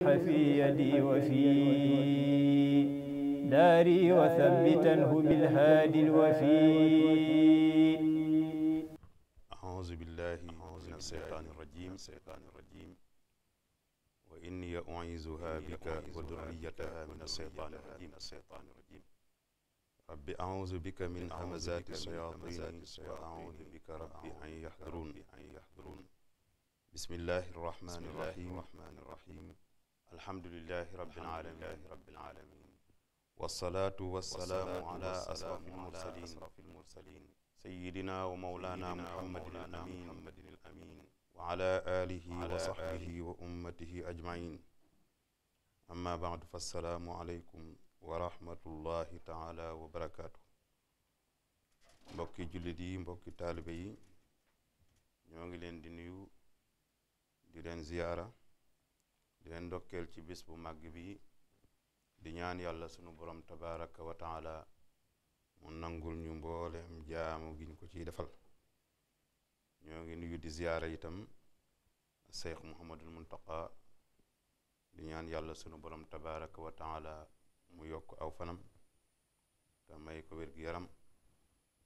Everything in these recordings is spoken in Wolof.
في يدي وفي داري وثبته بالهادي الوفي أعوذ بالله من الشيطان الرجيم الشيطان الرجيم وإني أعيذها بك وذريتها من الشيطان الرجيم الشيطان الرجيم رب أعوذ بك من همزات الشياطين وأعوذ بك رب أن يحضرون بسم الله الرحمن الرحيم الرحمن الرحيم alhamdulilahi rabbil aalamiin rabbil aalamiin wassalaatu wassalaamu alaa ashrafil mursaliin sayyidinaa wa mawlaanaa muhammadinil amiin wa alaa aalihi wa sahbihi wa ummatihi ajmaiin amma baadu fassalaamu aleykum wa rahmatullahi taala wa barakaatu mbokki jullit yi mbokki taalibe yi ñoo ngi leen di nuyu di leen ziyaara di leen ci bis bu màgg bi di ñaan yàlla sunu borom tabaraka wa taala mu nangul ñu mbooleem jaamu giñ ko ciy defal ñoo ngi nuyu di ziyaara itam Seex Muhammadul Muntaqa di ñaan yàlla sunu borom tabaraka wa taala mu yokk aw fanam may ko wér yaram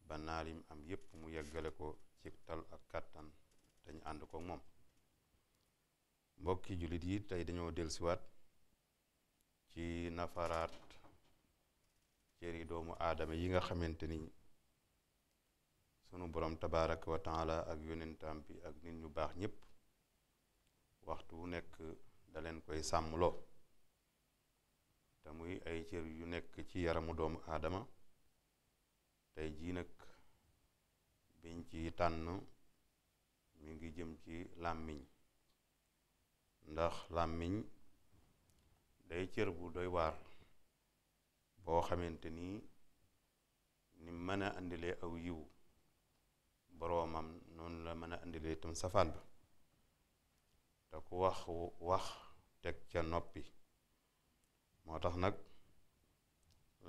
ba naalim am yépp mu yeggale ko ci tal ak kàttan dañu ànd ko moom mbokki jullit yi tey dañoo dellusiwaat ci nafaraat cëri doomu aadama yi nga xamante ni sunu borom tabaraka ak yonentam bi ak nit ñu baax ñépp waxtu wu nekk daleen koy sàmmloo te muy ay cër yu nekk ci yaramu doomu aadama tey jii nag biñ ci tànn mu ngi jëm ci làmmiñ ndax làmmiñ day cër bu doy waar boo xamante ni nim mën a indilee aw yiw boroomam noonu la mën a indilee itam safaan ba te ku wax wax teg ca noppi moo tax nag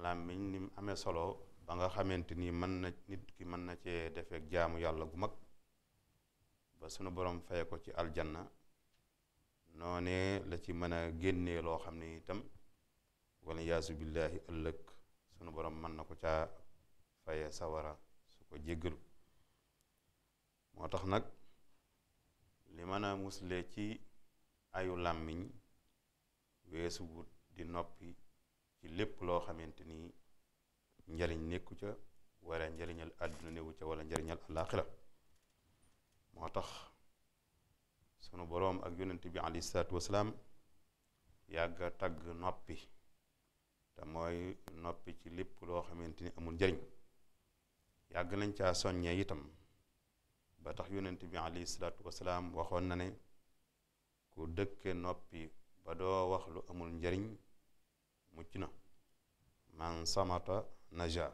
làmmiñ ni mu amee solo ba nga xamante ni mën na nit ki mën na cee defee jaamu yàlla gu mag ba sunu borom faye ko ci aljana noonee la ci mën a génne loo xam ne itam wala yaasu billaahi ëllëg sunu borom mën na ko caa faye sawara su ko jéggalu moo tax nag li mën a musle ci ayu làmmiñ weesu wut di noppi ci lépp loo xamante ni njariñ nekku ca wala njariñal àdduna newu ca wala njariñal àllaaxira moo tax sunu boroom ak yonent bi alayhi salaatu wasalaam yàgga tagg noppi te mooy noppi ci lépp loo xamante ni amul njariñ yàgg nañ ca soññee itam ba tax yonent bi alayhi salaatu wasalaam waxoon na ne ku dëkke noppi ba doo wax lu amul njariñ mucc na man samata naja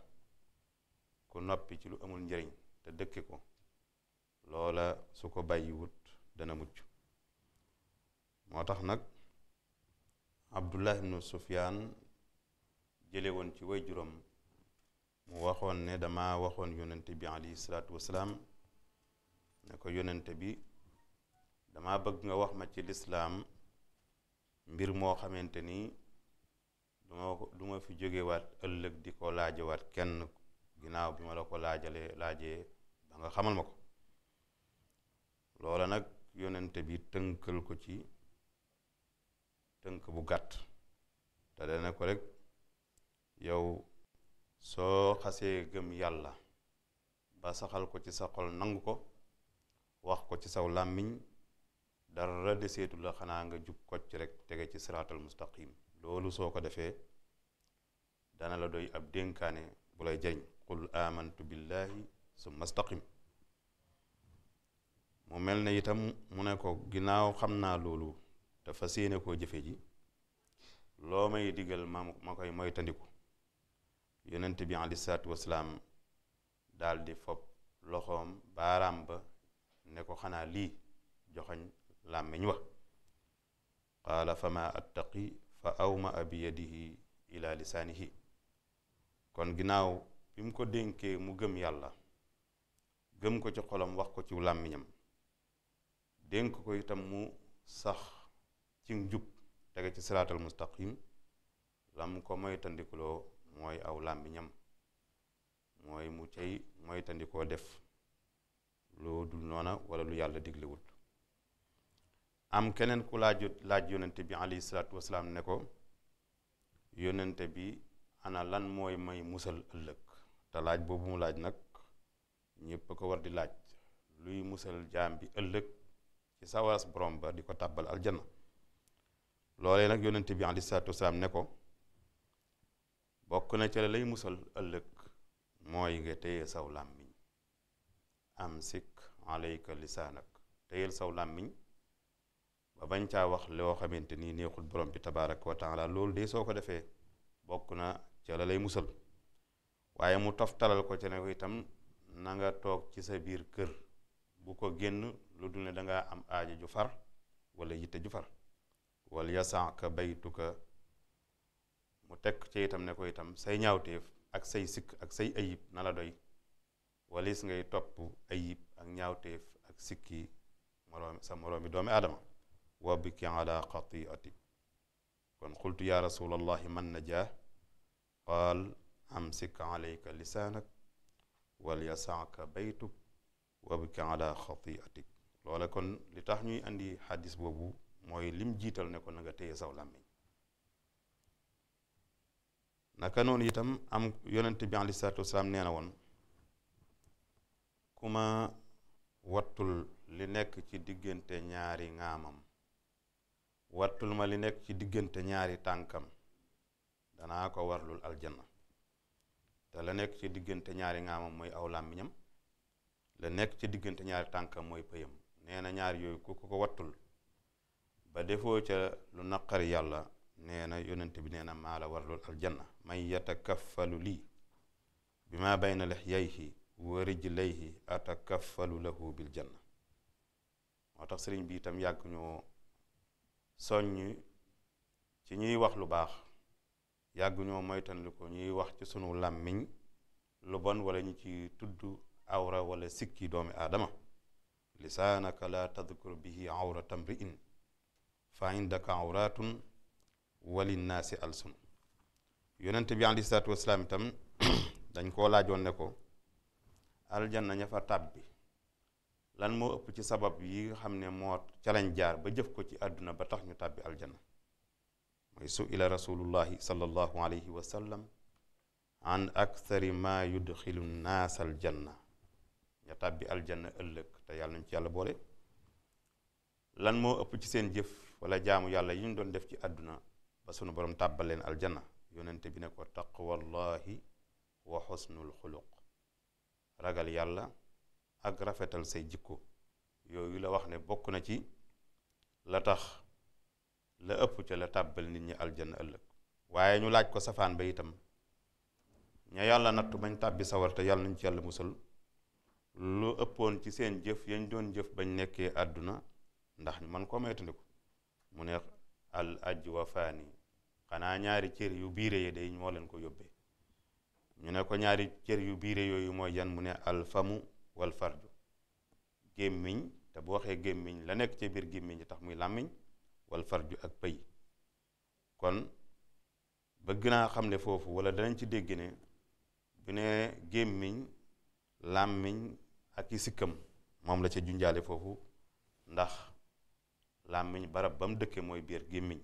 ku noppi ci lu amul njariñ te dëkke ko loola su ko bàyyiwut dana mucc moo tax nag abdullah ibnu sufyaan jële woon ci way juróom mu waxoon ne dama waxoon yonente bi alayhi salaatu wasalaam ne ko yonente bi dama bëgg nga wax ma ci lislaam mbir moo xamante ni duma du ma fi jógewaat ëllëg di ko laajewaat kenn ginnaaw bi ma la ko laajale laaje ba nga xamal ma ko loola nag yonente bi tënkal ko ci tënk bu gàtt te dana ko rek yow soo xasee gëm yàlla ba saxal ko ci sa xol nangu ko wax ko ci saw làmmiñ dara deseetu la xanaa nga jub kocc rek tege ci siraatal mustaqim loolu soo ko defee dana la doy ab dénkaane bu lay jariñ qul amantu billahi summa staqim mu mel na itam mu ne ko ginnaaw xam naa loolu dafa fas yéene koo jëfe ji loo may digal ma ma koy moytandiku yonent bi aleyhi salaatu wasalaam daal di fob loxoom baaraam ba ne ko xanaa lii joxoñ làmmiñ wa qaala fa attaqi fa awma a bi yadihi ila kon ginnaaw bim ko dénkee mu gëm yàlla gëm ko ci xolom wax ko ci làmmiñam dénk ko itam mu sax ci njub tege ci siraatal mustaqim lam ko moytandikuloo mooy aw làmmiñam mooy mu cay moytandikoo def loo dul noona wala lu yàlla diglewul am keneen ku laaj laaj yonente bi alayhi salaatu ne ko yonente bi ana lan mooy may musal ëllëg te laaj boobu mu laaj nag ñépp ko war di laaj luy musal jaam bi ëllëg ci sawaas borom ba di ko tàbbal aljanna loolee nag yonent bi aleyhi salaatu wasalaam ne ko bokk na ca lay musal ëllëg mooy nga téye saw làmmiñ am sikk aleyka lisaanak téyel saw làmmiñ ba bañ caa wax loo xamante ni neexul borom bi tabaaraka wa taala loolu de soo ko defee bokk na ca la lay musal waaye mu toftalal ko ca ne itam na toog ci sa biir kër bu ko génn lu dul ne dangaa am aajo ju wala yitte ju far wal yasanka baytuka mu tekk ci itam ne ko itam say ñaawteef ak say sikk ak say ayib na la doy walis ngay topp ayib ak ñaawteef ak sikki moroom sa moroomi doomi aadama wa biki ala xatiati kon qultu ya rasul na man najaa qaal amsik alayka lisaanak wal yasanka baytuk wa biki ala xatiatik loole kon li tax ñuy indi xaddis boobu mooy lim jiital ne ko na téye saw làmmiñ naka noonu itam am yonent bi aleyhi salaatu wasalaam nee na woon ku ma wattul li nekk ci diggante ñaari ngaamam wattul ma li nekk ci diggante ñaari tànkam danaa ko warlul aljanna te la nekk ci diggante ñaari ŋaamam mooy aw làmmiñam la nekk ci diggante ñaari tànkam mooy pëyam nee na ñaar yooyu ku ko wattul ba defoo ca lu naqari yàlla nee na yonent bi nee na maa la warlul aljanna man yatakaffalu lii bi ma bayna lixyayhi wa rijlayhi atakaffalu lahu bil janna moo tax sëriñ bi itam yàgg ñoo soññ ci ñuy wax lu baax yàgg ñoo moytandiku ko ñuy wax ci sunu làmmiñ lu bon walla ñu ci tudd awra wala sikki doomi aadama lisaanaka laa tadkur bihi awrata mriin fa indaka awratun wa linnaasi alsun yonent bi aleyhi salaatu wasalaam itam dañ koo laajoon ne ko aljanna ña fa lan moo ëpp ci sabab yi nga xam ne moo ca jaar ba jëf ko ci àdduna ba tax ñu tàbbi aljanna mooy su ila rasulullahi sallallahu alayhi wa sallam an akthari ma yudxilu nnaasa aljanna ya tàbbi aljanna ëllëg te yàlla nañ ci yàlla boole lan moo ëpp ci seen jëf wala jaamu yàlla yi ñu doon def ci àdduna ba sunu borom tàbbal leen aljanna yonente bi ne ko taqwallahi wa xusnul xuluq ragal yàlla ak rafetal say jikko yooyu la wax ne bokk na ci la tax la ëpp ca la tàbbal nit ñi aljanna ëllëg waaye ñu laaj ko safaan ba itam ña yàlla nattu bañ tàbbi sawar te yàlla nañ ci yàlla musal lu ëppoon ci seen jëf yañ doon jëf bañ nekkee àdduna ndax ñu man koo moytandiku mu ne al ajwafaani xanaa ñaari cër yu biire yi day moo leen ko yóbbee ñu ne ko ñaari cër yu biire yooyu mooy yan mu ne àll famu wal farju gémmiñ te bu waxee gémmiñ la nekk ci biir gémmiñ yi tax muy làmmiñ wal farju ak pëy kon bëgg naa xam ne foofu wala danañ ci dégg ne bu ne gémmiñ làmmiñ ak i sikkam moom la ca junjaale foofu ndax làmmiñ barab ba dëkkee mooy biir gémmiñ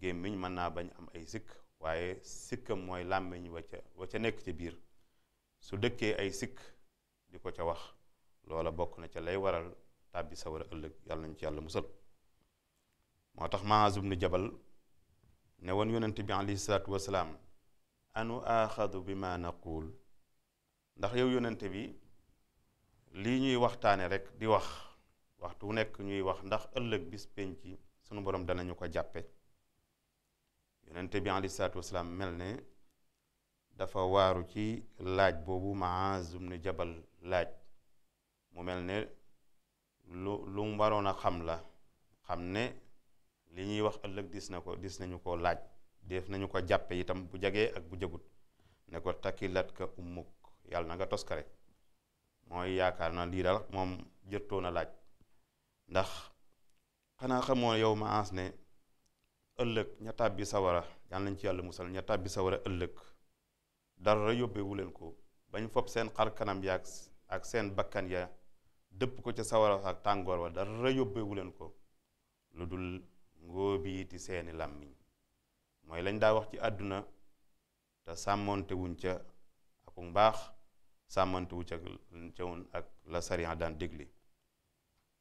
gémmiñ mën naa bañ am ay sikk waaye sikkam mooy làmmiñ wa ca wa ca nekk ca biir su dëkkee ay sikk di ko ca wax loola bokk na ca lay waral tàbbi sawara ëllëg yàlla nañ ci yàlla musal moo tax Maaz ibnu Jabal ne woon yonent bi alayhi salaatu wasalaam anu aaxadu bi ma ndax yow yonente bi lii ñuy waxtaane rek di wax waxtu nekk ñuy wax ndax ëllëg bis penc sunu borom danañu ko jàppe yonente bi aleyhi salaatu wasalaam mel ne dafa waaru ci laaj boobu Muaaz ibn Jabal laaj mu mel ne lu lu mu waroon a xam la xam ne li ñuy wax ëllëg dis na ko dis nañu ko laaj def nañu ko jàppe itam bu jege ak bu jagut ne ko takkilat ka ummuk yàlla na nga tos ka rek mooy yaakaar na lii daal moom jëttoo na laaj ndax xanaa xamoo yow ma ans ne ëllëg ña tàbbi sawara yal nañ ci yàlla musal ña bi sawara ëllëg dara yóbbewu leen ko bañ fopp seen xar kanam ya ak seen bakkan ya dëpp ko ca sawara ak tàngoor wa dara yóbbewu leen ko lu dul ngóobiiti seeni làmmiñ mooy lañ daa wax ci àdduna te sàmmoontewuñ wuñ ca ak baax sàmmantewu ca cawoon ak la sariya daan dégli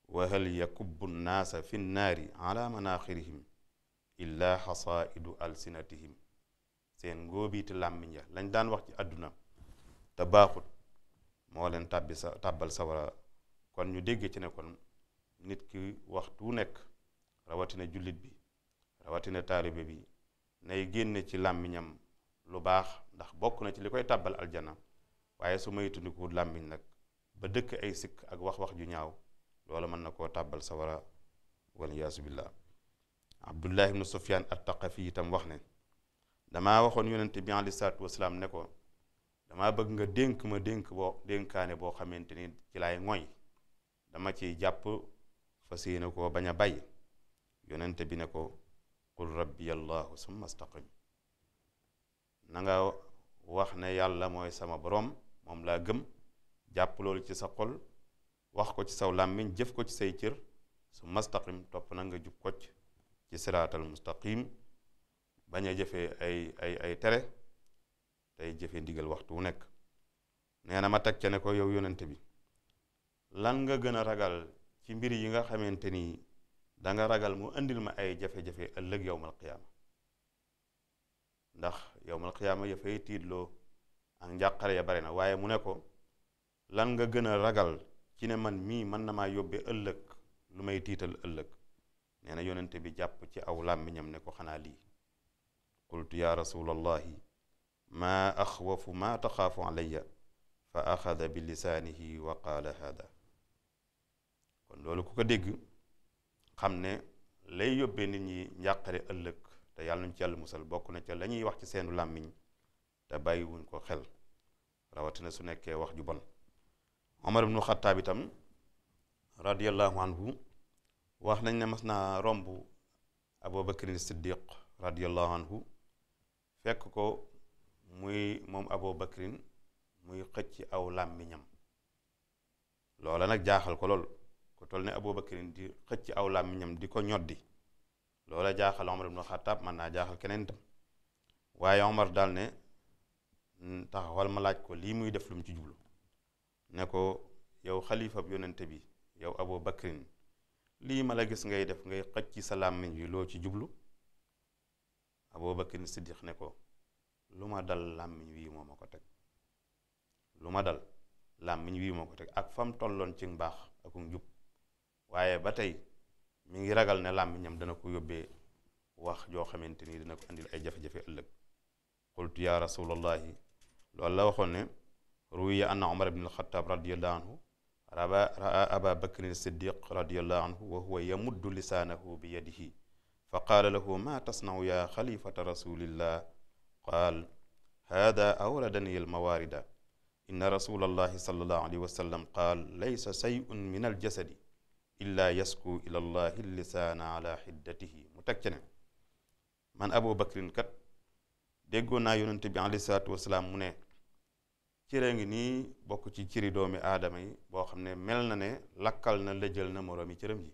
wa hal yakubbu nnaasa fi nnaari ala manaaxirihim illa xasaidu alsinatihim seen ngóobiiti làmmiñ ya lañ daan wax ci àdduna te baaxut moo leen tàbbi sa tàbbal sawara kon ñu dégg ci ne kon nit ki waxtu nekk rawatina jullit bi rawatina taalibe bi nay génne ci làmmiñam lu baax ndax bokk na ci li koy tàbbal aljana waaye su maytundikuwul làmbiñ nag ba dëkk ay sikk ak wax-wax ju ñaaw loola mën na koo tàbbal sa wara waliyaasu billah abdullah ibnu sufyaan at wax ne damaa waxoon yonente bi alei salaatu wasalaam ne ko damaa bëgg nga dénk ma dénk dénkaane boo xamante ni ci laay dama ciy jàpp fas yéene koo bañ a bàyyi bi ne ko qul rabbi allahu summa staqim na wax ne yàlla mooy sama borom moom laa gëm jàpp loolu ci sa xol wax ko ci saw làmmiñ jëf ko ci say cër su mustaqim topp na nga jub kocc ci siraatal mustaqim bañ a jëfee ay ay tere tey jëfe ndigal waxtu wu nekk nee na ma teg ca ne ko yow yonent bi lan nga gën a ragal ci mbir yi nga xamante ni danga ragal mu indil ma ay jafe-jafe ëllëg yowmal qiyaama ndax yowmal qiyaama ya fay tiitloo ak njàqare ya bare na waaye mu ne ko lan nga gën a ragal ci ne man mii mën na maa yóbbe ëllëg lu may tiital ëllëg nee na yonente bi jàpp ci aw làmmiñam ne ko xanaa lii qultu ya rasulallahi maa axwafu maa taxaafu alayya bi lisaanihi wa qaala kon loolu ku ko dégg xam ne lay yóbbe nit ñi njàqare ëllëg te yàlla nañ ci yàlla musal bokk na ca la ñuy wax ci seenu làmmiñ te bàyyiwuñ ko xel rawatina su nekkee wax ju bon Omar ibnu Xattaab itam radiyallahu anhu wax nañ ne mas naa romb Abu Bakrin Siddiq radiyallahu anhu fekk ko muy moom Abu Bakrin muy xëcc aw làmmiñam loola nag jaaxal ko lool ku toll ne Abu Bakrin di xëcc aw làmmiñam di ko ñoddi loola jaaxal Omar ibnu Xattaab mën naa jaaxal keneen tam waaye Omar daal ne Mm, taxawal ma laaj ko lii muy def lum ci jublu ne ko yow xalifab yonente bi yow Abu Bakrin lii ma la gis ngay def ngay xaj ci sa làmmiñ wi loo ci jublu Abu Bakrin Siddiq ne ko lu ma dal làmmiñ wii moo ko teg lu ma dal làmmiñ wii moo ko teg ak fam tolloon ci baax ak njub waaye ba tey mi ngi ragal ne làmmiñam dana ko yóbbee wax joo xamante nii dina ko indil ay jafe-jafe ëllëg qultu ya rasulallahi loolu la waxoon ne ruwiya anna umar ibn alxataab radiallahu anhu raba raa aba bakrin siddiq radiallahu anhu wa huwa yamuddu lisaanahu bi yadihi fa qaala lahu ma tasnau ya xalifata rasulillah qaal hada awradani almawaarida inna rasulallahi sallallahu alayhi wa sallam qaal laysa shay'un min aljasadi illa yasku ila llahi lisaana ala xiddatihi mu teg ca ne man abu bakrin kat déggoo naa yonente bi alayhi salaatu wasalaam mu ne ciree ngi nii bokk ci ciri doomi aadama yi boo xam ne mel na ne lakkal na lëjal na moroomi cëram yi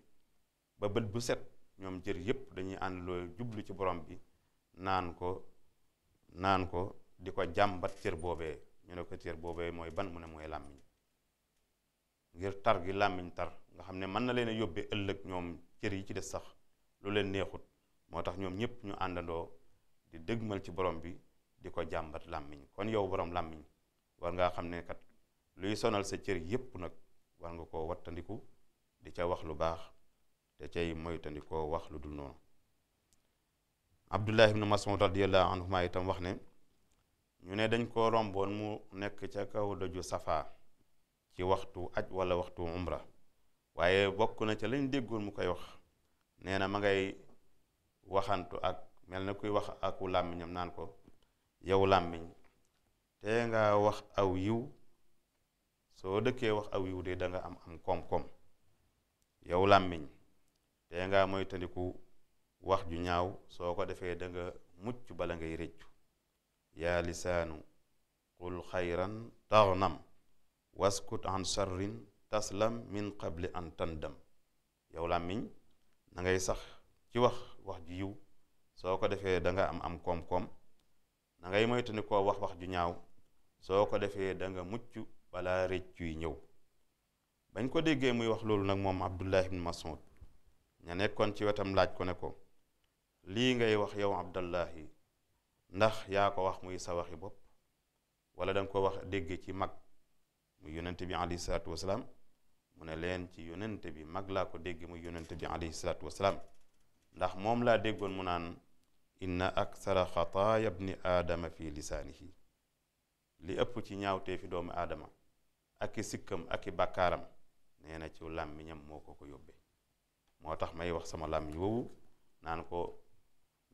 ba bët bu set ñoom cër yépp dañuy ànd jublu ci borom bi naan ko naan ko di ko jàmbat cër boobee ñu ne ko cër boobee mooy ban mu ne mooy làmmiñ ngir tar gi làmmiñ tar nga xam ne mën na leen a yóbbee ëllëg ñoom cër yi ci des sax lu leen neexut moo tax ñoom ñépp ñu àndandoo di dëgmal ci borom bi di ko jàmbat làmmiñ kon yow borom làmmiñ war ngaa xam ne kat luy sonal sa cër yépp nag war nga koo wattandiku di ca wax lu baax te cay moytandikoo wax lu dul noonu abdullah nu mas'ud radiallahu anhuma itam wax ne ñu ne dañ ko romboon mu nekk ca kaw doju safaa ci waxtu aj wala waxtu umra waaye bokk na ca lañ déggoon mu koy wax nee na ma ngay waxantu ak mel na kuy wax aku làmmiñam naan ko yow làmmiñ tee nga wax aw yiw soo dëkkee wax aw yiw de danga am am koom-koom yow làmmiñ tee ngaa moytandiku wax ju ñaaw soo ko defee danga mucc bala ngay rëccu yaa lisaanu qul xayran taxnam waskut an sharrin taslam min qabli an tandam yow làmmiñ na ngay sax ci wax wax ju yiw soo ko defee da nga am am koom-koom na ngay moytandiku wax wax ju ñaaw soo ko defee danga mucc balaa rëccu yi ñëw bañ ko déggee muy wax loolu nag moom Abdullah ibn Mas'ud ña nekkoon ci wetam laaj ko ne ko lii ngay wax yow Abdallahi ndax yaa ko wax muy sawaxi bopp wala da ko wax dégg ci mag muy yonente bi alayhi salaatu wasalaam mu ne leen ci yonente bi mag laa ko dégg muy yonente bi alayhi salaatu wasalaam ndax moom laa déggoon mu naan inna aksara xataaya bni aadama fi lisaanihi li ëpp ci ñaawtee fi doomu aadama ak i sikkam ak i bàkkaaram nee na ci làmmiñam moo ko ko yóbbee moo tax may wax sama làmmiñ woowu naan ko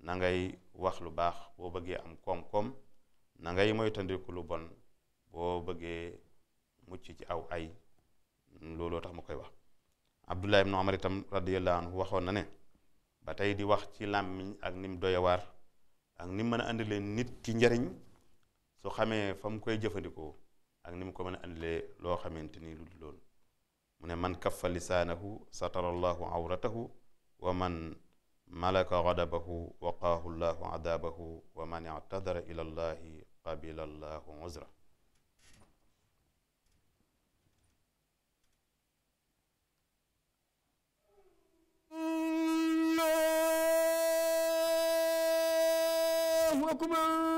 na ngay wax lu baax boo bëggee am koom-koom na ngay moytandiku lu bon boo bëggee mucc ci aw ay looloo tax ma koy wax abdullah ibnu omar itam radiallahu anhu waxoon na ne ba tey di wax ci làmmiñ ak nim doyawaar ak nim mën a àndi leen nit ki njariñ su xamee fa mu koy jëfandikoo ak ni mu ko mën loo xamante ni lu dul mu ne man kaffa lisaanahu satara awratahu wa man malaka ghadabahu waqaahu allahu adabahu wa man i'tadara ila allahi qabila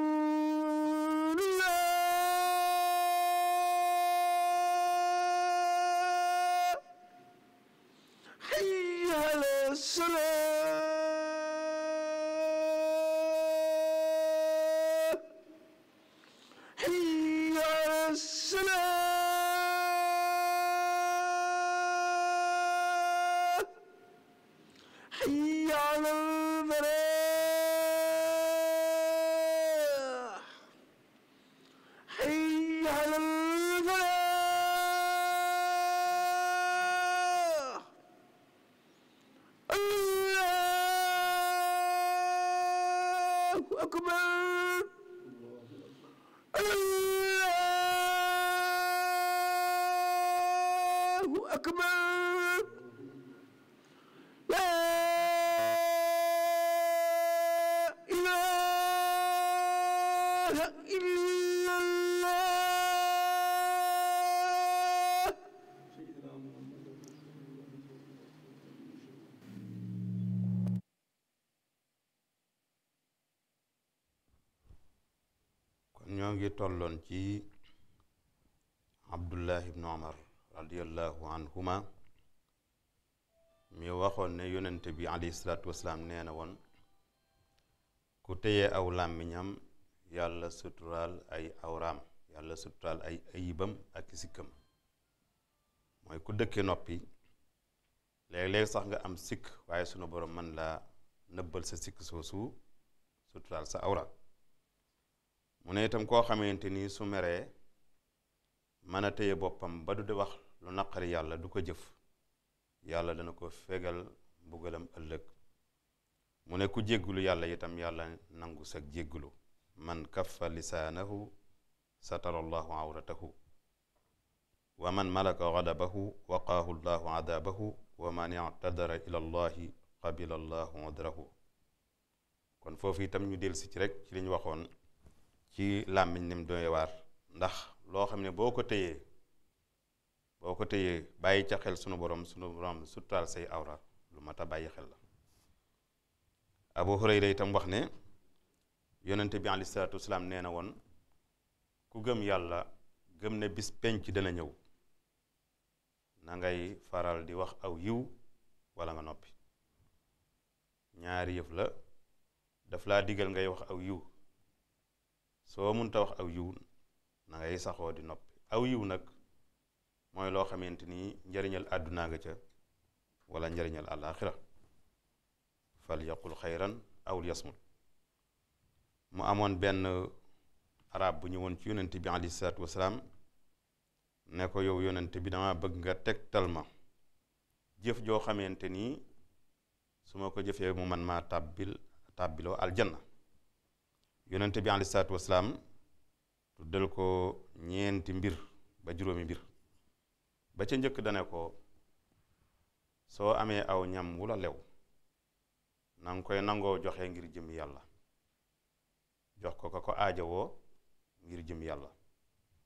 أكبر لا إله إلا الله kon ñoo ngi tolloon ci Abdullah ibn Omar radiallahu anhuma mi waxoon ne yonent bi alayhi salaatu wasalaam nee na woon ku téye aw làmmiñam yàlla suturaal ay awraam yàlla suturaal ay ayibam ak sikkam mooy ku dëkke noppi léeg-léeg sax nga am sikk waaye sunu boroom man laa nëbbal sa sikk soosu suturaal sa awra mu ne itam koo xamante ni su meree mën a téye boppam ba du di wax lu naqari yàlla du ko jëf yàlla dana ko fegal mbugalam ëllëg mu ne ku jéggulu yàlla itam yàlla nangu sag jéggulu man kaffa lisaanahu satara llahu awratahu wa man malaka ghadabahu waqaahu llahu adaabahu wa man i'tadara ila llahi qabila llahu udrahu kon foofu itam ñu delsi ci rek ci li ñu waxoon ci làmmiñ ni mu waar ndax loo xam ne boo ko téyee boo ko téyee bàyyi ca xel sunu borom sunu borom suturaal say awra lu mat a bàyyi xel la abu hurayra itam wax ne yonente bi aleyhi salaatu wasalaam nee na woon ku gëm yàlla gëm ne bis penc dana ñëw na ngay faral di wax aw yiw walla nga noppi ñaari yëf la daf laa digal ngay wax aw yiw soo munta wax aw yiw na saxoo di noppi aw yiw nag mooy loo xamante ni njariñal àdduna nga ca walla njariñal àllaaxira fal yaqul xayran aw mu amoon benn arab bu ñëwoon ci yonent bi alayhi salaatu wasalaam ne ko yow yonent bi dama bëgg nga tegtal ma jëf joo xamante ni su ma ko jëfee mu man maa tàbbil tàbbiloo aljanna yonent bi alayhi salaatu wasalaam tuddal ko ñeenti mbir ba juróomi mbir ba ca njëkk dane ko soo amee aw ñam wu la lew na nga koy nangoo joxe ngir jëm yàlla jox ko ko ko aajowoo ngir jëm yàlla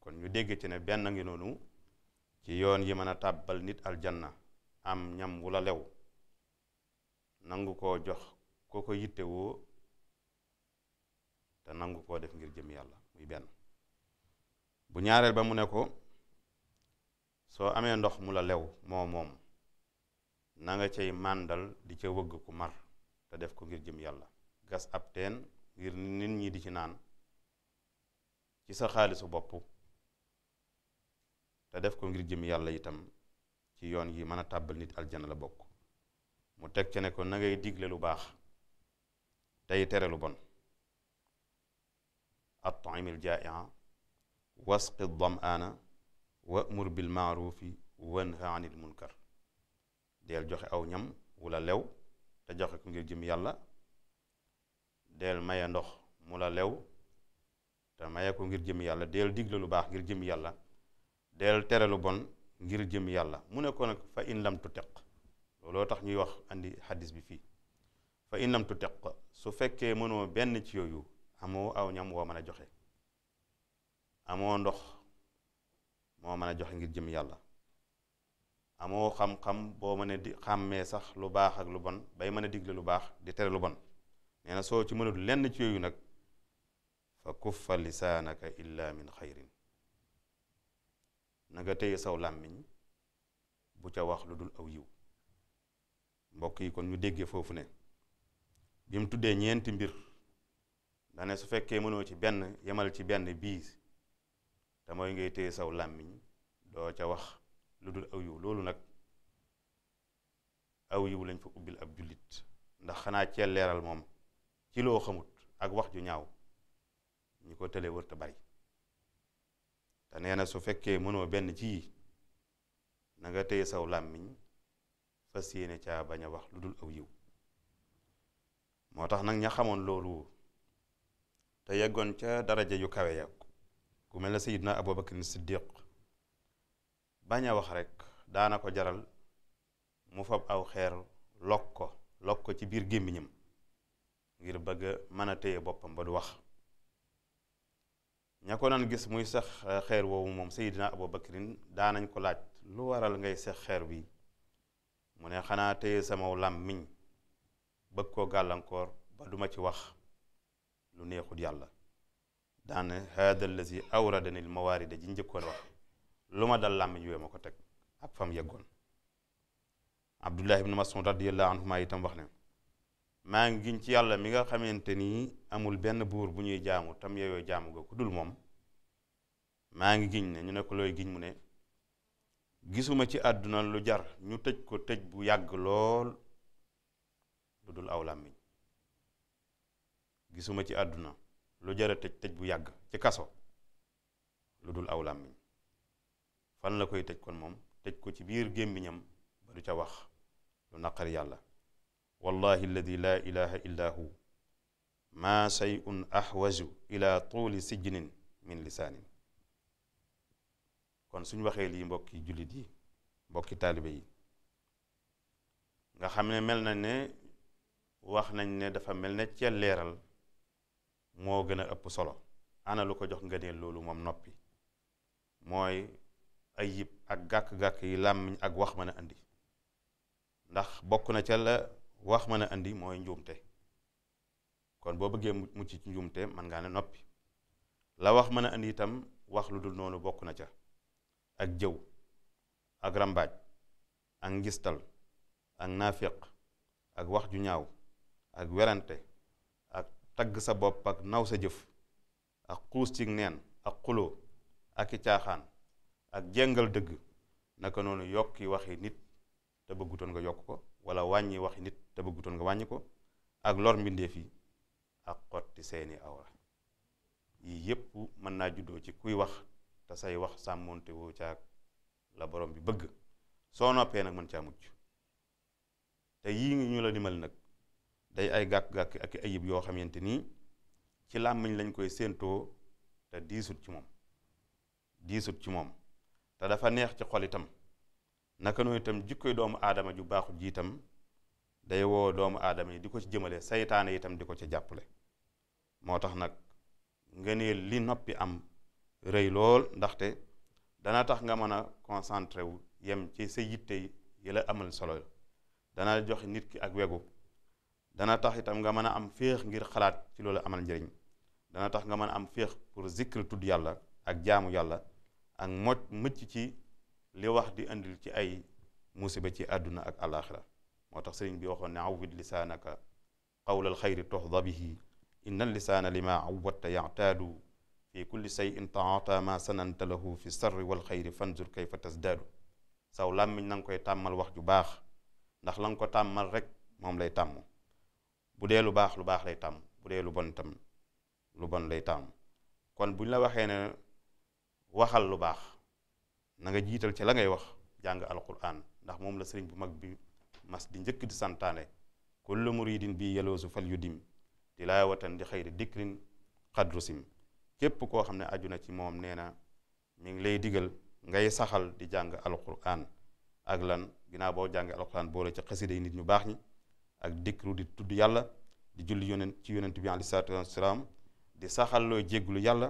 kon ñu dégg ci ne benn ngi noonu ci yoon yi mën a tàbbal nit aljanna am ñam wu la lew nangu ko jox ko ko yittewoo te nangu koo def ngir jëm yàlla muy benn bu ñaareel ba mu ne ko soo amee ndox mu la lew moo moom na nga cay màndal di ca wëgg ku mar te def ko ngir jëm yàlla gas ab teen ngir nit ñi di ci naan ci sa xaalisu bopp te def ko ngir jëm yàlla itam ci yoon yi mën a tàbbal nit aljana la bokk mu teg ca ne ko nangay digle lu baax tey tere lu bon at'imil jaa'i'a wasqi dam'aana wa bil maaruufi wanha anil munkar deel joxe aw ñam wula lew te joxe ko ngir jëm yàlla deel maye ndox mu la lew te maye ko ngir jëm yàlla deel digle lu baax ngir jëm yàlla deel tere lu bon ngir jëm yàlla mu ne ko nag fa in lam tutiq looloo tax ñuy wax andi xaddis bi fii fa in teq tutiq su fekkee mënoo benn ci yooyu amoo aw ñam woo mën a joxe amoo ndox moo mën a joxe ngir jëm yàlla amoo xam-xam boo mëne di xàmmee sax lu baax ak lu bon bay mën a digle lu baax di tere lu bon nee na soo ci mënul lenn ci yooyu nag fa kuffa lisaanaka illa min xayrin na nga saw làmmiñ bu ca wax lu dul aw yiw mbokk yi kon ñu déggee foofu ne bi mu tuddee ñeenti mbir dane su fekkee mënoo ci benn yemal ci benn bii te mooy ngay téye saw làmmiñ doo ca wax lu dul aw yiw loolu nag aw yiw lañ fa ubbil ab jullit ndax xanaa ceel leeral moom ci loo xamut ak wax ju ñaaw ñi ko tele wër te bari te nee na su fekkee mënoo benn ci yi na nga téye saw làmmiñ fa yéene caa bañ a wax lu dul aw yiw moo tax nag ña xamoon loolu te yeggoon ca daraja yu kawe ya ku mel na ne sayidna abubakar siddiq bañ a wax rek daana ko jaral mu fab aw xeer lok ko lok ko ci biir gémmiñam ngir bëgg a mën a téye boppam ba du wax ña ko nan gis muy sax xeer woowu moom sayidina abubakarin daanañ ko laaj lu waral ngay sex xeer bi mu ne xanaa téye samaw làmmiñ bëgg koo gàllankoor ba duma ci wax lu neexut yàlla daana aw allazi awradani l mawaarida ji njëkkoon wax lu ma dal làmmiñ wee ma ko teg ak fam yeggoon abdullah ibnu mas'ud radiallahu yi tam wax ne maa ngi giñ ci yàlla mi nga xamante ni amul benn buur bu ñuy jaamu tam yeyoo jaamu ga ku dul moom maa ngi giñ ne ñu ne ko looy giñ mu ne gisuma ci àdduna lu jar ñu tëj ko tëj bu yàgg lool lu dul aw làmmiñ gisuma ci àdduna lu jara tëj tëj bu yàgg ci kaso lu dul aw làmmiñ fan la koy tëj kon moom tëj ko ci biir gémmiñam ba du ca wax lu naqari yàlla wallahi alladi laa illa hu maa shay'un ahwaju ila tuuli sijnin min lisaanin kon suñ waxee lii mbokki jullit yi mbokki taalibe yi nga xam ne mel na ne wax nañ ne dafa mel ne ca leeral moo gën a ëpp solo ana lu ko jox nga ngëneel loolu moom noppi mooy ay yib ak gàkk-gàkk yi làmmiñ ak wax mën a andi ndax bokk na ca la wax mën a andi mooy njuumte kon boo bëggee mucc ci njuumte mën ngaa ne noppi la wax mën a andi itam wax lu dul noonu bokk na ca ak jëw ak rambaaj ak ngistal ak naafiq ak wax ju ñaaw ak werante tagg sa bopp ak naw sa jëf ak xuus ci neen ak xuloo ak i caaxaan ak jengal dëgg naka noonu yokki waxi nit te bëggutoon nga yokk ko wala wàññi waxi nit te bëggutoon nga wàññi ko ak lor mbindeef yi ak xotti seeni awra yii yépp mën naa juddoo ci kuy wax te say wax sàmmoonte woo caag la borom bi bëgg soo noppee nag mën caa mujj te yii ngi ñu la limal nag day ay gàkk-gàkk ak ayib yoo xamante ni ci làmmiñ lañ koy séentoo te diisut ci moom diisut ci moom te dafa neex ci xol itam naka noonu itam jikkoy doomu aadama ju baaxut ji itam day woo doomu aadama yi di ko ci jëmale saytaane itam di ko ci jàppale moo tax nag nga ne li noppi am rëy lool ndaxte dana tax nga mën a concentré wu yem ci sa yitte yi la amal solo dana joxe nit ki ak wegu dana tax itam nga mën a am féex ngir xalaat ci loolu amal njëriñ dana tax nga mën a am féex pour zikr tudd yàlla ak jaamu yàlla ak moj mëcc ci li wax di indil ci ay musiba ci àdduna ak alaxira moo tax sëriñ bi waxoon ne awwid lisaanaka qawlal xayri toxda bihi inna lisaana lima awwatta yactaadu fi kulli sayin taata ma sananta lahu fi sar wal xayri fanzur kayfa tasdaadu saw làmmiñ na nga koy tàmmal wax ju baax ndax la nga ko tàmmal rek moom lay tàmm bu dee lu baax lu baax lay tàmm bu dee lu bon tam lu bon lay tàmm kon buñ la waxee ne waxal lu baax na nga jiital ci la ngay wax jàng alquran ndax moom la sëriñ bu mag bi mas di njëkk di santaane kullu muridin bi yeloosu fal yu dim tilaawatan di xayri dikrin sim képp koo xam ne aju na ci moom nee na mi ngi lay diggal ngay saxal di jàng alquran ak lan ginnaaw boo jàng alquran boole ci xasida yi nit ñu baax ñi ak dikru di tudd yàlla di julli yonent ci yonent bi alayhi salaatu wasalaam di saxalloo looy jégglu yàlla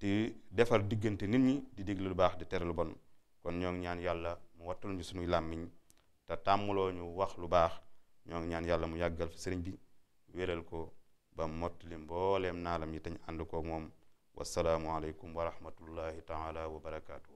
di defar diggante nit ñi di déglu lu baax di teralu bon kon ñoo ngi ñaan yàlla mu wattul ñu suñuy làmmiñ te tàmmuloo ñu wax lu baax ñoo ngi ñaan yàlla mu yàggal fi sëriñ bi wéral ko ba mottali mbooleem naalam yi tañ ànd koog moom wasalaamualeykum wa rahmatullahi taala wa barakaatu.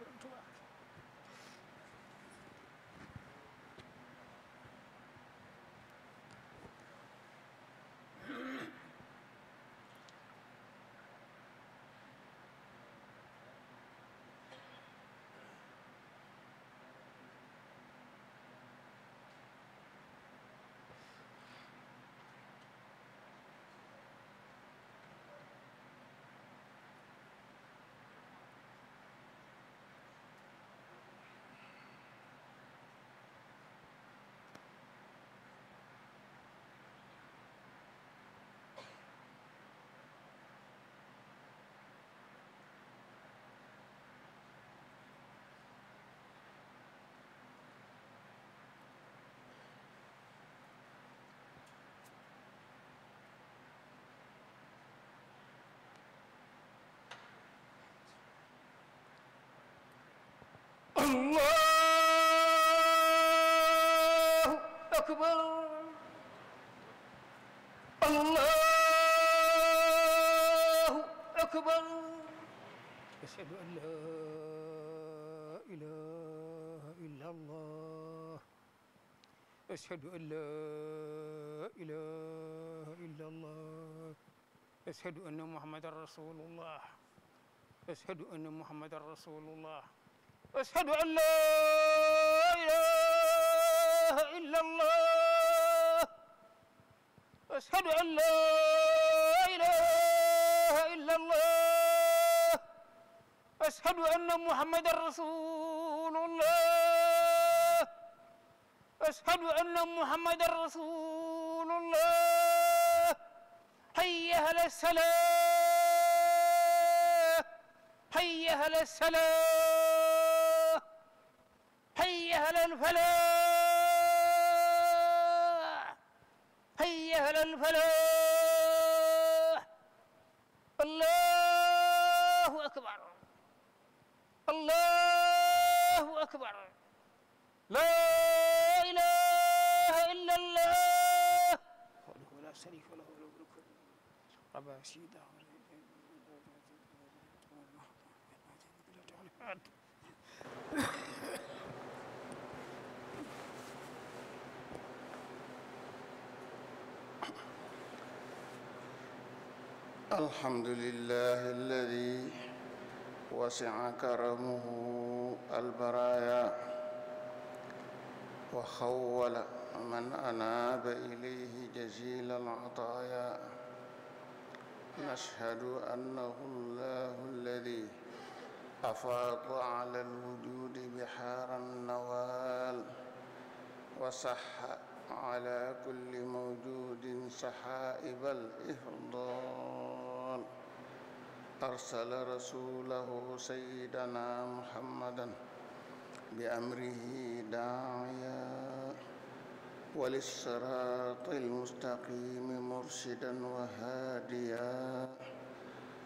borom Tuubaa الله أكبر الله أكبر أشهد أن لا إله إلا الله أشهد أن لا إله إلا الله أشهد أن محمد رسول الله أشهد أن محمد رسول الله واشهد ان لا اله الا الله واشهد ان لا اله الا الله واشهد ان محمدا رسول الله واشهد ان محمدا رسول الله حي على السلام حي على السلام هلا الفلاح هيا هلا الفلاح الله أكبر الله أكبر لا إله إلا الله ولا شريك له ولا ملك ربنا سيدنا الحمد لله الذي وسع كرمه البرايا وخول من أناب إليه جزيل العطايا نشهد أنه الله الذي أفاض على الوجود بحار النوال وصح على كل موجود سحائب الإفضال أرسل رسوله سيدنا محمدا بأمره داعيا وللصراط المستقيم مرشدا وهاديا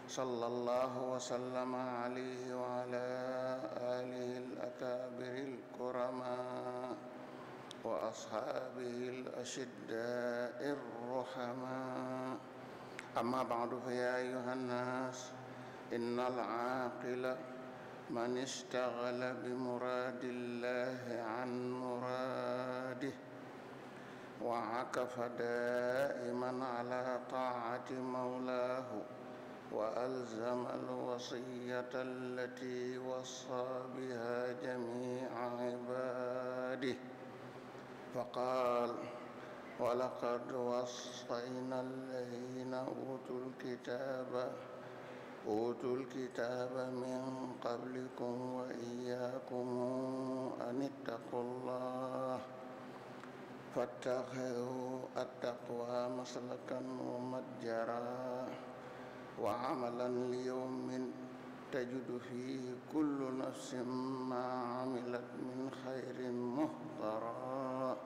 صلى الله وسلم عليه وعلى آله الأكابر الكرماء وأصحابه الأشداء الرحماء أما بعد فيا أيها الناس إن العاقل من اشتغل بمراد الله عن مراده وعكف دائما على طاعة مولاه وألزم الوصية التي وصى بها جميع عباده فقال ولقد وصينا الذين أوتوا الكتاب أوتوا الكتاب من قبلكم وإياكم أن اتقوا الله فاتخذوا التقوى مسلكا ومتجرا وعملا ليوم تجد فيه كل نفس ما عملت من خير مهضرا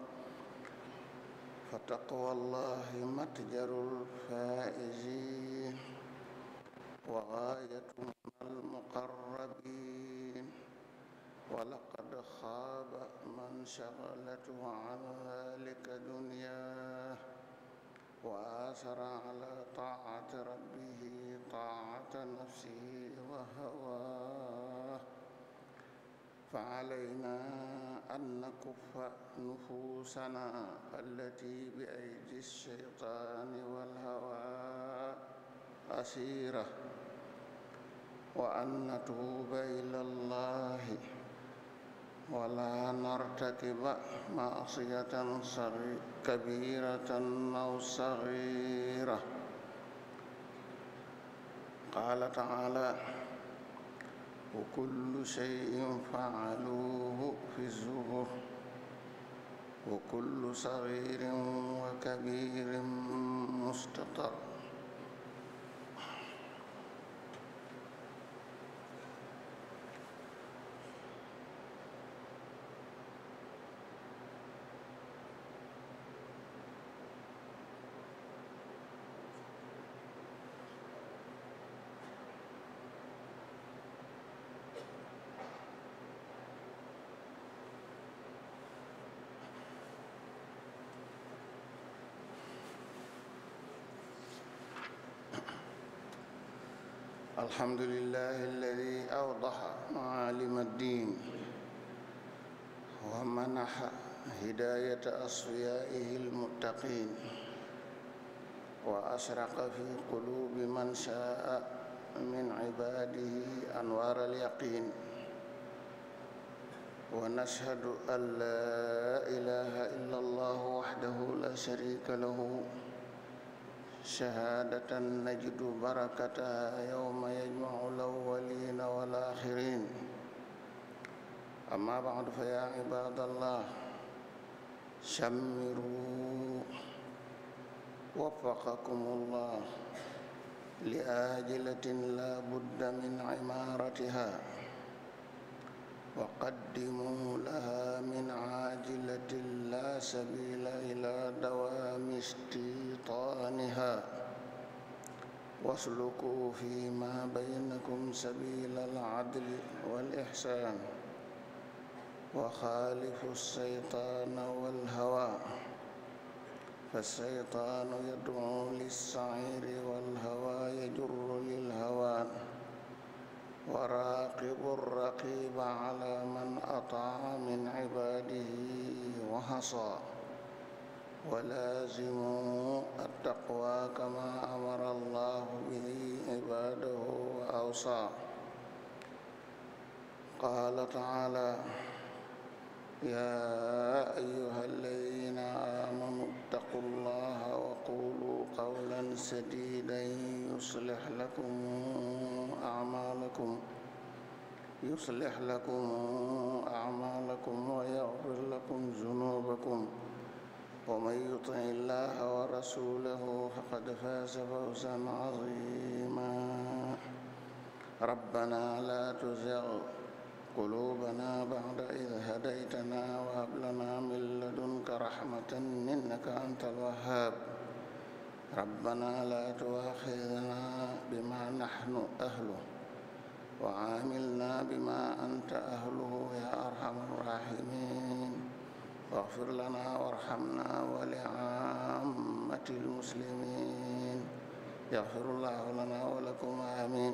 فتقوى الله متجر الفائزين وغايتهم المقربين ولقد خاب من شغلته عن ذلك دنياه وآثر على طاعة ربه طاعة نفسه وهواه فعلينا أن نكف نفوسنا التي بأيدي الشيطان والهوى عشيرة وأن نتوب إلى الله ولا نرتكب معصية كبيرة أو صغيرة قال تعالى وكل شيء فعلوه في الزبر وكل صغير وكبير مستطر الحمد لله الذي أوضح معالم الدين ومنح هداية أصفيائه المتقين وأشرق في قلوب من شاء من عباده أنوار اليقين ونشهد أن لا إله إلا الله وحده لا شريك له شهادة نجد بركتها يوم يجمع الأولين والآخرين أما بعد فيا عباد الله شمروا وفقكم الله لآجلة لا بد من عمارتها وقدموا لها من عاجلة لا سبيل إلى دوام استيطانها واسلكوا فيما بينكم سبيل العدل والإحسان وخالفوا الشيطان والهوى فالشيطان يدعو للسعير والهوى يجر للهوان وراقب الرقيب على من أطاع من عباده وحصى ولازموا التقوى كما أمر الله به عباده وأوصى قال تعالى يا أيها الذين آمنوا اتقوا الله وقولوا قولا سديدا يصلح لكم أعمالكم يصلح لكم أعمالكم ويغفر لكم ذنوبكم ومن يطع الله ورسوله فقد فاز فوزا عظيما ربنا لا تزغ قلوبنا بعد إذ هديتنا وهب لنا من لدنك رحمة إنك أنت الوهاب ربنا لا تواخذنا بما نحن أهله وعاملنا بما أنت أهله يا أرحم الراحمين واغفر لنا وارحمنا ولعامة المسلمين يغفر الله لنا ولكم آمين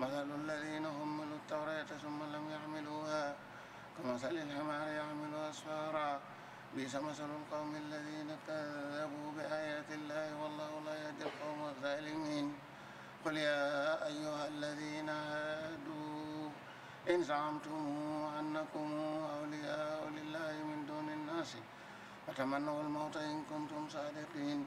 مثل الذين حملوا التوراة ثم لم يحملوها كمثل الحمار يحمل أسفارا بئس مثل القوم الذين كذبوا بآيات الله والله لا يهدي القوم الظالمين قل يا أيها الذين هادوا إن زعمتم أنكم أولياء لله من دون الناس وتمنوا الموت إن كنتم صادقين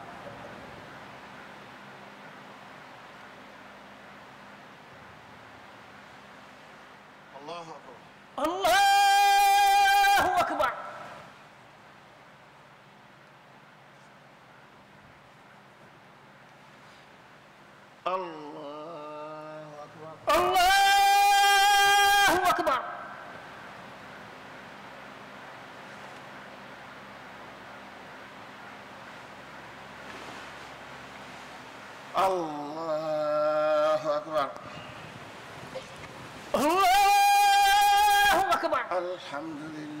allahu akbar allahu akbar allahu akbar allahu akbar alhamdulillah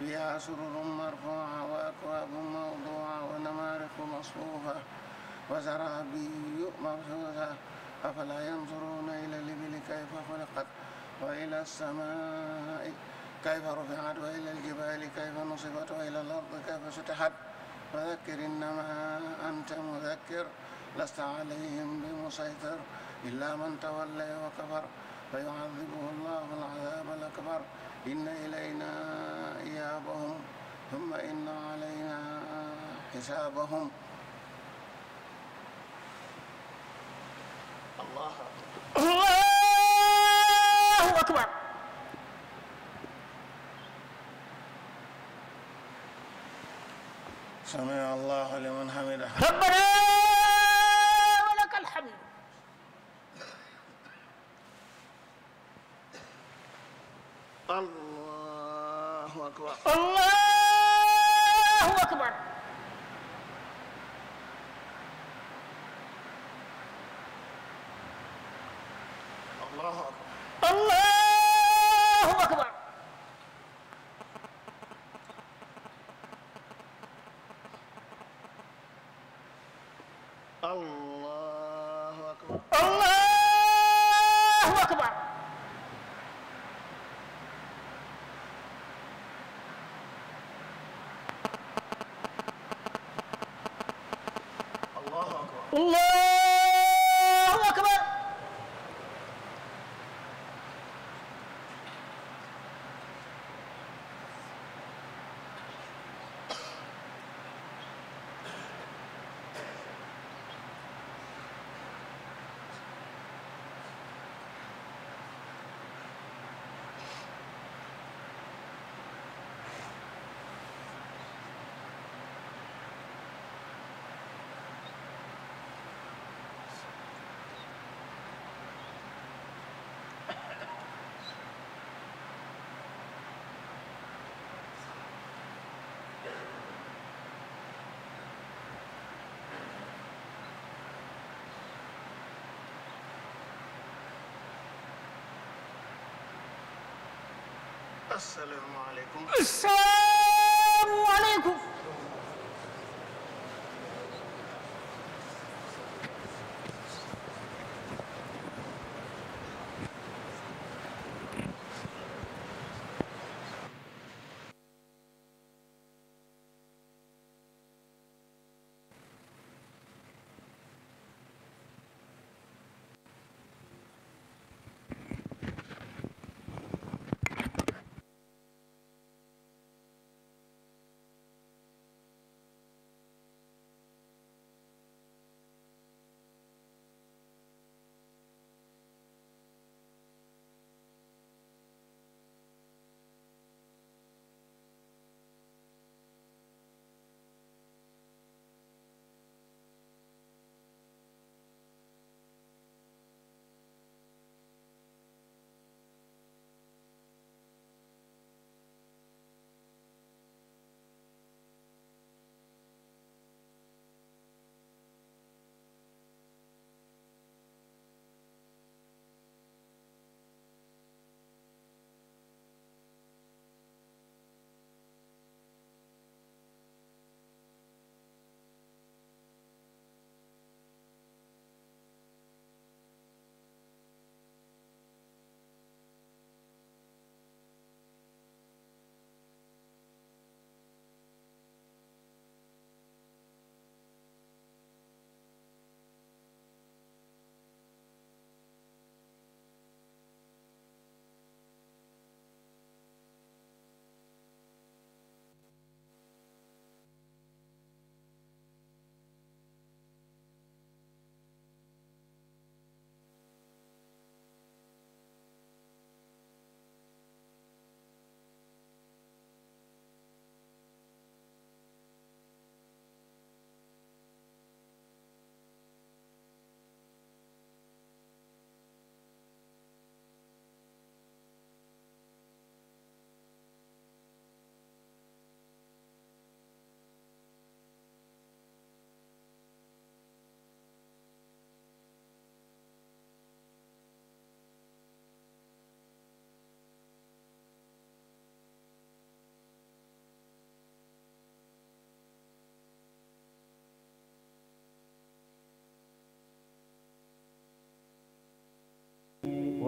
فيها سرر مرفوعة وأكواب موضوعة ونمارق مصفوفة وزرابي مبثوثة أفلا ينظرون إلى الإبل كيف خلقت وإلى السماء كيف رفعت وإلى الجبال كيف نصبت وإلى الأرض كيف سطحت فذكر إنما أنت مذكر لست عليهم بمسيطر إلا من تولي وكفر فيعذبه الله العذاب الأكبر إن إلينا إيابهم ثم إن علينا حسابهم الله الله أكبر سمع الله لمن حمده ربنا الله asalaamaaleykum.